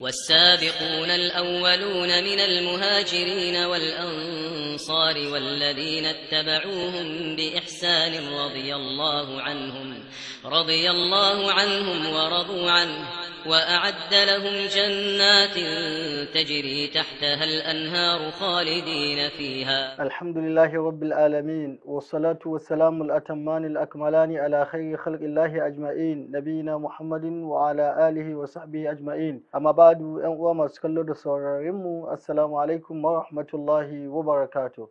والسابقون الأولون من المهاجرين والأنصار والذين اتبعوهم بإحسان رضي الله عنهم رضي الله عنهم ورضوا عنه وأعد لهم جنات تجري تحتها الأنهار خالدين فيها الحمد لله رب العالمين والصلاة والسلام الأتمان الأكملان على خير خلق الله أجمعين نبينا محمد وعلى آله وصحبه أجمعين أما بعد أن أوام أسكالو السلام عليكم ورحمة الله وبركاته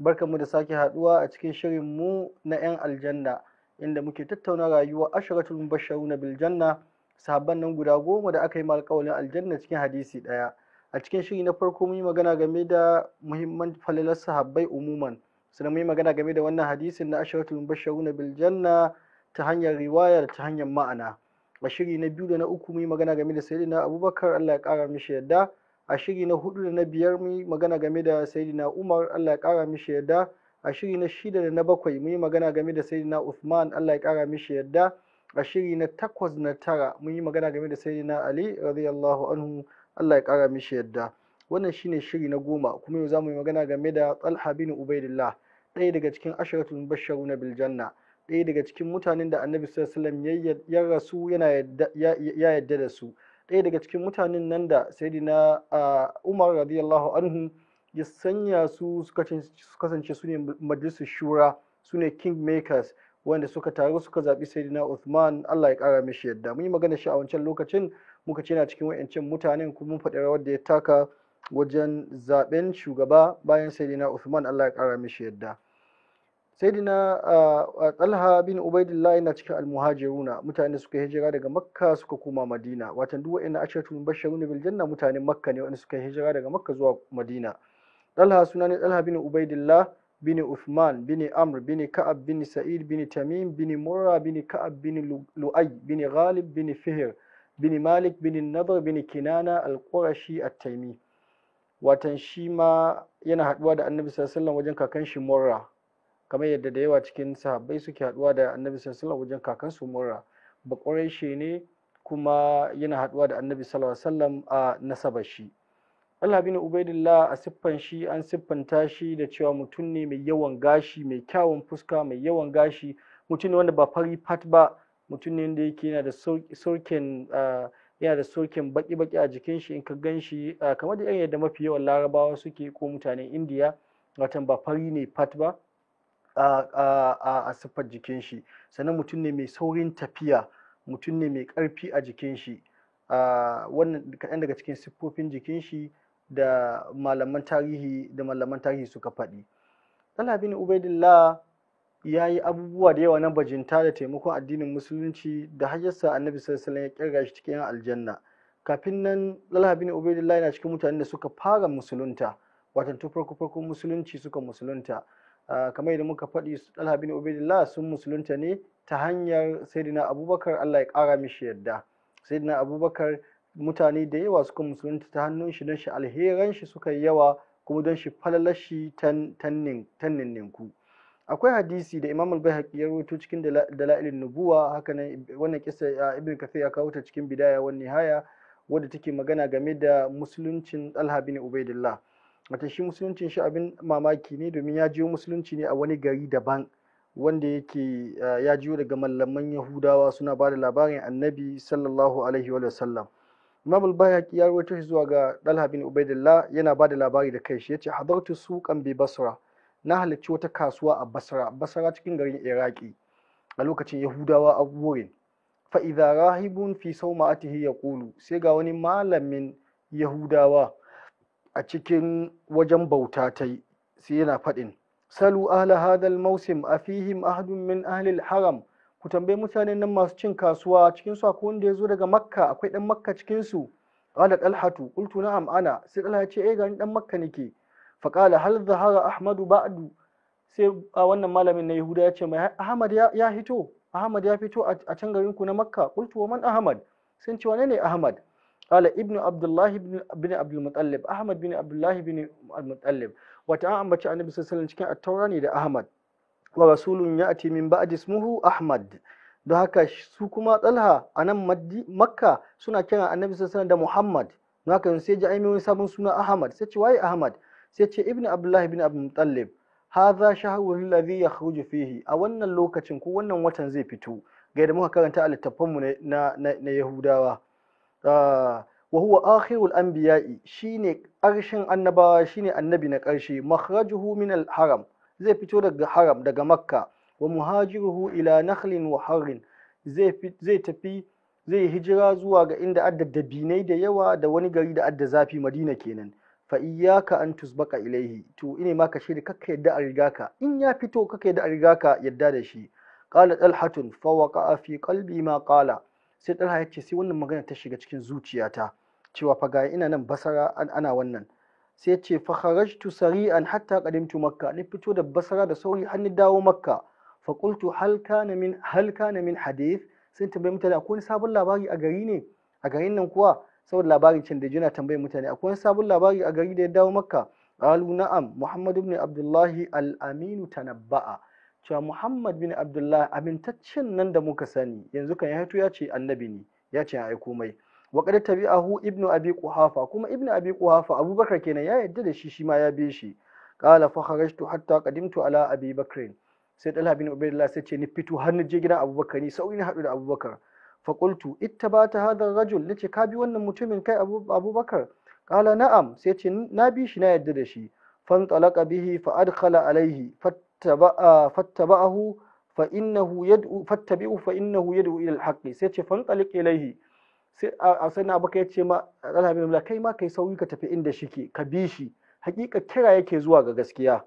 barkanmu da sake haduwa a cikin shirin mu na 'yan aljanna inda muke tattauna rayuwar asharatul mubashsharuna bil janna sahabban nan guda goma da aka yi ma alƙawalin aljanna cikin hadisi ɗaya a cikin shiri na farko mun yi magana game da muhimman falalar sahabbai umuman sannan mun yi magana game da wannan hadisin na asharatul mubashshiruna bil Biljanna, ta hanyar riwaya ta hanyar ma'ana a shiri na biyu da na uku mun yi magana game da sayyidina abubakar Allah ya kara mishi yadda a shiri na hudu da na biyar mun yi magana game da sayyidina umar Allah ya kara mishi yadda a shiri na shida da na bakwai mun yi magana game da sayyidina uthman Allah ya kara mishi yadda a shiri na takwas na tara mun yi magana game da saidina ali radiyallahu anhu Allah ya kara mishi yadda wannan shine shiri na goma kuma yau zamu yi magana game da Talha bin Ubaidillah ɗaya daga cikin asharatul basharu na biljanna ɗaya daga cikin mutanen da Annabi sallallahu alaihi ya rasu yana ya yadda da su ɗaya daga cikin mutanen nan da sayyidina Umar radiyallahu anhu ya sanya su suka kasance su ne majalisar shura su ne king makers wanda suka taru suka zaɓi Saidina Usman, Allah ya ƙara mishi yadda mun yi magana shi a wancan lokacin muka ce na cikin wa'ancan mutanen kuma mun faɗi rawar da ya taka wajen zaɓen shugaba bayan Saidina Usman, Allah ya ƙara mishi yadda sayyidina Talha bin Ubaidillah yana cikin almuhajiruna mutane da suka hijira daga Makka suka koma Madina watan duk wa'annan ashatul basharun bil janna mutanen Makka ne wanda suka hijira daga Makka zuwa Madina Talha suna ne Talha bin Ubaidillah bin Uthman Bini Amr Bini Ka'ab bin Sa'id bin Tamim Bini Murra bin Ka'ab bin Lu'ay Bini Ghalib bin Fihir, Bini Malik bin Nabar, bin Kinana al-Qurashi at-Taymi watan shi ma yana haɗuwa da Annabi sallallahu wajen kakan Murra kamar yadda da yawa cikin sahabbai suke haɗuwa da Annabi sallallahu alaihi wasallam wajen kakan Murra ba ne kuma yana haɗuwa da Annabi sallallahu a nasabar shi Allah bin Ubaidillah a siffan shi an siffanta shi da cewa mutum ne mai yawan gashi mai kyawun fuska mai yawan gashi mutum ne wanda ba fari fat ba mutum ne da yake yana da saukin yana da baki-baki a jikin shi in ka gan shi kamar da yadda mafi yawan larabawa suke ko mutanen indiya watan ba fari ne fat ba a siffar jikin shi sannan mutum ne mai saurin tafiya mutum ne mai karfi a jikin shi wannan kaɗan daga cikin siffofin jikin shi da malaman tarihi da malaman tarihi suka faɗi Talha bin Ubaidillah ya yi abubuwa da yawa na bajinta da taimakon addinin musulunci da hajjarsa annabi sallallahu alaihi ya kirga shi cikin aljanna kafin nan Talha bin Ubaidillah yana cikin mutanen da suka fara musulunta watan tun farko farko musulunci suka musulunta kamar yadda muka faɗi Talha bin Ubaidillah sun musulunta ne ta hanyar Sayyidina Abubakar Allah ya ƙara mishi yadda Sayyidina Abubakar mutane da yawa suka musulunta ta hannun shi don shi alheran shi suka yi yawa kuma don shi falalar shi tanninninku akwai hadisi da imam al-baihaqi ya rawaito cikin dalailin nubuwa haka nan wannan kisa ibn kathir ya kawo ta cikin bidaya wan nihaya wadda take magana game da musuluncin talha bin ubaidillah wata shi musuluncin shi abin mamaki ne domin ya jiyo musulunci ne a wani gari daban wanda yake ya jiyo daga mallaman yahudawa suna ba da labarin annabi sallallahu alaihi wa sallam Imam al-Bayhaqi ya rawaito zuwa ga Dalha bin Ubaidillah yana ba da labari da kai shi yace hadartu suqan bi Basra na halarci wata kasuwa a Basra Basra cikin garin Iraki a lokacin Yahudawa a wurin fa idza rahibun fi sawma'atihi yaqulu sai ga wani malamin Yahudawa a cikin wajen bauta ta sai yana faɗin salu ahla hadha al-mawsim afihim ahadun min ahli al-haram ku tambayi mutanen nan masu cin kasuwa cikin su akwai wanda ya zo daga makka akwai dan makka cikin su qala dalhatu qultu na'am ana sai talha ya ce eh ga ni dan makka nake fa qala hal zahara ahmadu ba'du sai a wannan malamin na yahuda ya ce mai ahmad ya hito ahmad ya fito a can garin ku na makka qultu wa man ahmad sun ce wane ne ahmad qala ibnu abdullahi ibn abdul muttalib ahmad bin abdullahi ibn al muttalib wata an ambaci annabi sallallahu alaihi wasallam cikin at taurani ne da ahmad wa rasulun ya'ti min ba'di ismuhu ahmad don haka su kuma talha a nan makka suna kiran annabi sallallahu da muhammad don haka sai ji ainihin sabon suna ahmad sai ce waye ahmad sai ce ibnu abdullahi ibn abu mutallib hadha shahru ya yakhruju fihi a wannan lokacin ko wannan watan zai fito ga da muka karanta a littafanmu na, yahudawa ah, wa huwa akhirul anbiya'i shine ƙarshen annabawa shine annabi na ƙarshe makhrajuhu min al haram zai fito daga haram daga makka wa muhajiruhu ila nakhlin wa harrin zai tafi zai hijira zuwa ga inda adda dabinai da yawa da wani gari da adda zafi madina kenan fa iyyaka an tusbaka ilaihi to ine ma ka shiri kakka yadda a riga ka in ya fito kakka yadda a riga ka yadda da shi qala dalhatun fa waqa'a fi qalbi ma qala sai dalha yace sai wannan magana ta shiga cikin zuciyata cewa fa ga ina nan basara ana wannan sai ya ce fa sari'an hatta qadimtu makka ni fito da basara da sauri har ni dawo makka fa qultu hal kana min hal kana min hadith sun tambaye mutane akwai sabon labari a gari ne a garin nan kuwa saboda labarin can da juna tambaye mutane akwai sabon labari a gari da ya dawo makka qalu na'am muhammad ibn abdullahi al-amin tanabba'a cewa muhammad bin abdullahi amintaccen nan da muka sani yanzu kan ya hito ya ce annabi ne ya ce ya aiko mai wa tabi'ahu ibnu abi quhafa kuma ibnu abi quhafa abubakar kenan ya yadda da shi shi ma ya bi shi qala fa kharajtu hatta qadimtu ala abi bakr sai talha bin ubaidillah sai ce ni fito har ni je gidan abubakar ni sauyi na hadu da abubakar fa qultu ittabata hadha rajul nace ka bi wannan mutumin kai abubakar qala na'am sai ce na bi shi na yadda da shi fantalaka bihi fa adkhala alaihi fattaba'ahu fa innahu yad'u fattabi'u fa innahu yad'u ila al-haqqi sai ce fantalik ilaihi sai a sai na baka yace ma Allah bin kai ma kai sauyi ka tafi inda shike ka bi shi hakika kira yake zuwa ga gaskiya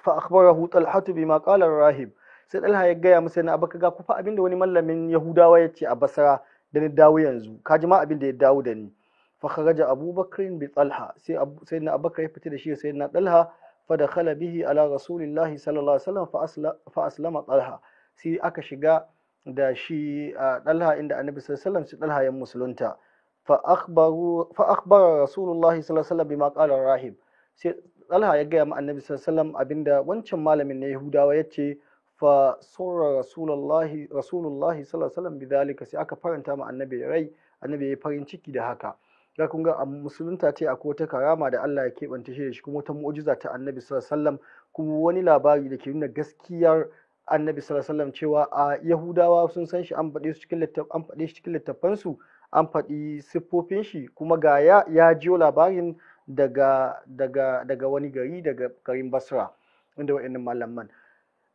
fa akhbarahu talhatu bima qala rahib sai Allah ya gaya masa na baka ga ku abinda wani mallamin yahudawa ya ce a basara da ni dawo yanzu ka ji ma abinda ya dawo da ni fa kharaja abubakar bi talha sai sai na abubakar ya fita da shi sai na talha fa dakhala bihi ala rasulillahi sallallahu alaihi wasallam fa aslama talha sai aka shiga da shi a dalha inda annabi sallallahu alaihi wasallam ya musulunta fa akhbaru fa akhbara rasulullah sallallahu alaihi wasallam bima qala rahib sai dalha ya gaya ma annabi sallallahu alaihi wasallam abinda wancan malamin na yahudawa yace fa surra rasulullahi rasulullahi sallallahu alaihi wasallam bidhalika sai aka faranta ma annabi rai annabi ya farin ciki da haka ga kun ga musulunta ce akwai wata karama da Allah ya keɓanta shi da shi kuma wata mu'jiza ta annabi sallallahu alaihi wasallam kuma wani labari da ke nuna gaskiyar annabi sallallahu alaihi cewa a yahudawa sun san shi an faɗe shi cikin an faɗe shi cikin su an faɗi siffofin shi kuma ga ya ya jiyo labarin daga daga daga wani gari daga garin basra inda wa'annan malaman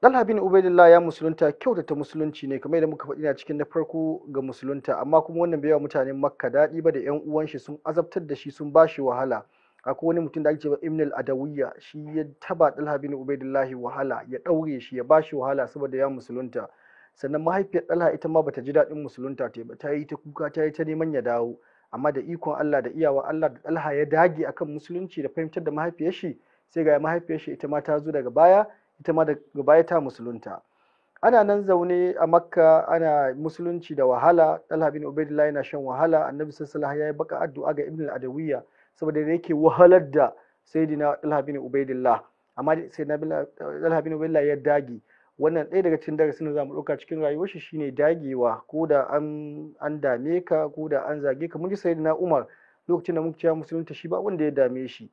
Talha bin Ubaidillah ya musulunta kyautata musulunci ne kamar yadda muka faɗi na cikin na farko ga musulunta amma kuma wannan bai wa mutanen Makka daɗi ba da ƴan uwan shi sun azabtar da shi sun bashi wahala akwai wani mutum da ake cewa Ibn al-Adawiyya shi ya taba dalha bin wahala ya daure shi ya bashi wahala saboda ya musulunta sannan mahaifiyar dalha ita ma bata ji daɗin musulunta ta ba ta yi ta kuka ta yi ta neman ya dawo amma da ikon Allah da iyawa Allah da dalha ya dage akan musulunci da fahimtar da mahaifiyar shi sai ga mahaifiyar shi ita ma ta zo daga baya ita ma daga baya ta musulunta ana nan zaune a makka ana musulunci da wahala dalha bin ubaidillah yana shan wahala annabi sallallahu alaihi wasallam ya yi baka addu'a ga ibn al-adawiyya saboda da yake wahalar da sayyidina Talha bin amma sayyidina Talha bin ya dage wannan ɗaya daga cikin darasin da mu ɗauka cikin rayuwar shi shine dagewa ko da an an dame ka ko da an zage ka mun ji sayyidina Umar lokacin da muka cewa musulunta shi ba wanda ya dame shi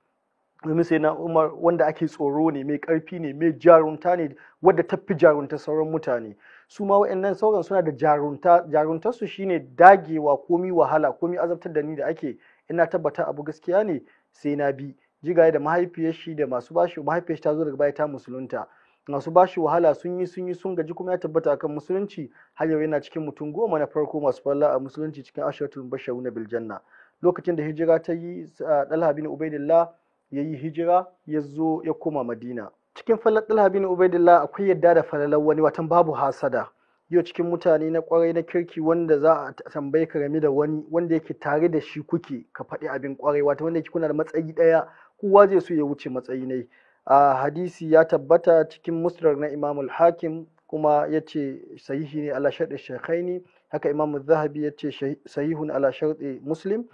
domin sai umar wanda ake tsoro ne mai karfi ne mai jarunta ne wadda ta fi jarunta sauran mutane su ma wa'annan sauran suna da jarunta jaruntarsu shine dagewa komi wahala komi azabtar da ni da ake ina tabbata abu gaskiya ne sai na bi jigaye da mahaifiyar shi da masu bashi mahaifiyar shi ta zo daga baya ta musulunta masu bashi wahala sun yi sun yi sun gaji kuma ya tabbata akan musulunci har yau yana cikin mutum goma na farko masu falla a musulunci cikin asharatul basharuna bil biljanna. lokacin da hijira ta yi dalha bin ubaidillah ya yi hijira ya zo ya koma madina cikin falar dalha bin ubaidillah akwai yadda da falalar wani watan babu hasada yau cikin mutane na kwarai na kirki wanda za a tambaye ka game da wani wanda yake tare da shi kuke ka faɗi abin kwarai wato wanda yake kuna da matsayi ɗaya kowa zai so ya wuce matsayi ne a hadisi ya tabbata cikin musnad na imamul hakim kuma ya ce sahihi ne ala sharɗi shekhaini haka imamu zahabi ya ce sahihun ala sharɗi muslim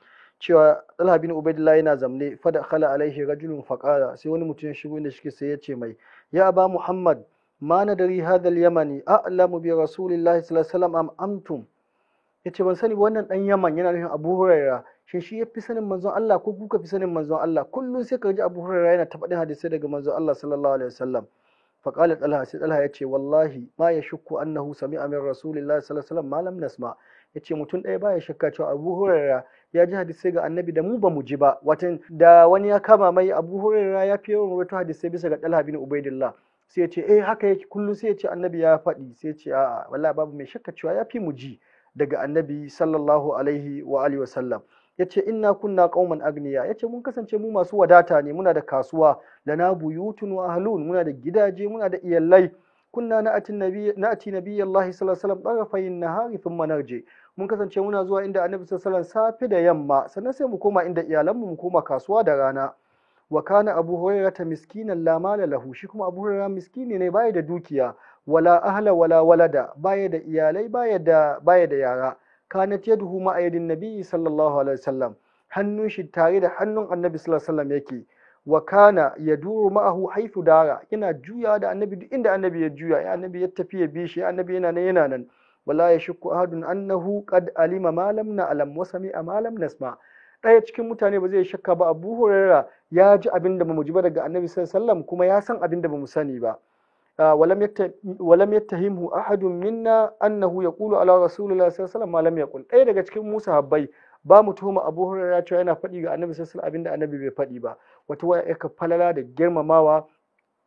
cewa talha bin ubaidillah yana zamne fada khala alaihi rajulun faqala sai wani mutum ya shigo inda shi sai yace mai ya ba muhammad ma nadari hadal yamani a'lamu bi rasulillahi sallallahu am amtum yace ban sani wannan dan yaman yana nufin abu huraira shin shi ya fi sanin manzon Allah ko kuka fi sanin manzon Allah kullum sai ka ji Abu Hurairah yana ta faɗin hadisai daga manzon Allah sallallahu alaihi wasallam fa qala Talha sai Talha yace wallahi ma yashukku annahu sami'a min rasulillahi sallallahu alaihi wasallam ma lam nasma mutum ɗaya baya shakka cewa Abu huraira ya ji hadisai ga Annabi da mu ba mu ji ba watan da wani ya kama mai Abu huraira ya fi yawan rawaito hadisai bisa ga Talha bin Ubaidillah sai ya ce eh haka yake kullum sai ya ce annabi ya faɗi sai ya ce a'a wallahi babu mai shakka cewa ya fi mu ji daga annabi sallallahu alaihi wa alihi wasallam yace inna kunna qauman agniya yace mun kasance mu masu wadata ne muna da kasuwa lana buyutun wa ahlun muna da gidaje muna da iyalai kunna na'ati nabiy na'ati nabiyallahi sallallahu alaihi wasallam tarafayn nahari thumma narji mun kasance muna zuwa inda annabi sallallahu alaihi wasallam safi da yamma sannan sai mu koma inda iyalanmu mu koma kasuwa da rana wa kana abu hurairata miskinan lama da lahu shi kuma abu hurairata miskini ne baya da dukiya wala ahla wala walada baya da iyalai baya da baya da yara kanat duhu ma ayyadin nabi sallallahu alaihi wasallam hannun shi tare da hannun annabi sallallahu alaihi wasallam yake wa kana yaduru ma'ahu haifu dara yana juya da annabi duk inda annabi ya juya ya annabi ya tafi ya bi shi annabi yana nan yana nan wala yashukku ahadun annahu qad alima ma lam na alam wa sami'a ma lam nasma' ɗaya cikin mutane ba zai shakka ba abu hurera ya ji abin da bamu ji ba daga annabi sallallahu kuma ya san abin da bamu sani ba ah, walam yattahimhu ahadun minna annahu yaqulu ala rasulillahi sallallahu ma lam yaqul ɗaya daga cikin musa habbai ba mu tuhuma abu hurera cewa yana faɗi ga annabi sallallahu abin da annabi bai faɗi ba wata waya ka falala da girmamawa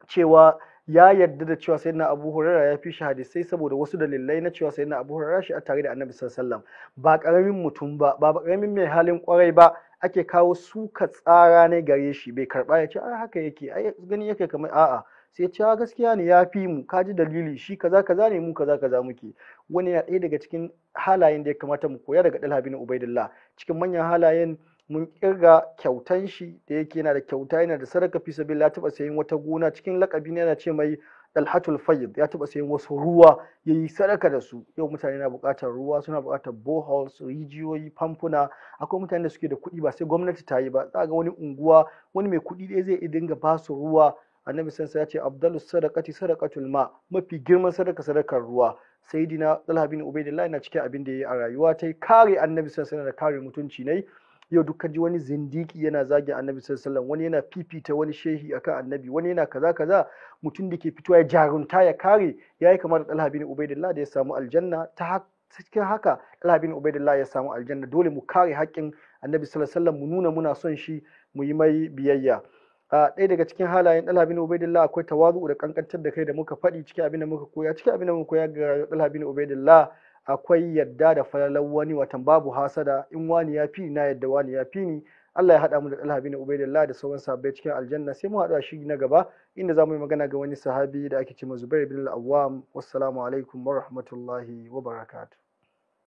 cewa ya yarda da cewa sayyidina Abu Hurairah ya fi shi hadisai saboda wasu dalilai na cewa sayyidina Abu Hurairah shi a tare da Annabi sallallahu alaihi wasallam ba karamin mutum ba ba karamin mai halin kwarai ba ake kawo suka tsara ne gare shi bai karba ya ce ai haka yake ai gani yake kamar a'a sai ce gaskiya ne ya fi mu ka ji dalili shi kaza kaza ne mu kaza kaza muke wani ya ɗaya daga cikin halayen da ya kamata mu koya daga Dalha bin Ubaidillah cikin manyan halayen mun kirga kyautan shi da yake yana da kyauta yana da sadaka fi sabilillah ya taba sayin wata gona cikin lakabi ne yana ce mai dalhatul fayyid ya taba sayin wasu ruwa yayi sadaka da su yau mutane na buƙatar ruwa suna buƙatar boreholes rijiyoyi famfuna akwai mutane da suke da kuɗi ba sai gwamnati ta yi ba za ga wani unguwa wani mai kuɗi ɗaya zai dinga ba su ruwa annabi sansa ya ce abdalus sadaqati sadaqatul ma mafi girman sadaka sadakar ruwa sayidina talha bin ubaidillah yana cikin abin da yayi a rayuwa ta kare annabi sansa da kare mutunci ne yau duk ji wani zindiki yana zagin annabi sallallahu alaihi wasallam wani yana fifita wani shehi akan annabi wani yana kaza kaza mutum da ke fitowa ya jarunta ya kare yayi kamar Talha bin Ubaidillah da ya samu aljanna ta cikin haka Talha bin Ubaidillah ya samu aljanna dole mu kare haƙƙin annabi sallallahu alaihi mu nuna muna son shi mu yi mai biyayya ɗaya daga cikin halayen Talha bin Ubaidillah akwai tawazu da kankantar da kai da muka faɗi cikin abin da muka koya cikin abin da muka koya ga Talha bin Ubaidillah akwai yadda da falalar wani watan babu hasada in wani ya fi na yadda wani ya fi ni Allah ya haɗa mu da Talha bin Ubaidillah da sauran sahabbai cikin aljanna sai mu haɗu shi na gaba inda za mu yi magana ga wani sahabi da ake cewa Zubair bin Al-Awwam wassalamu alaikum wa rahmatullahi wa barakatuh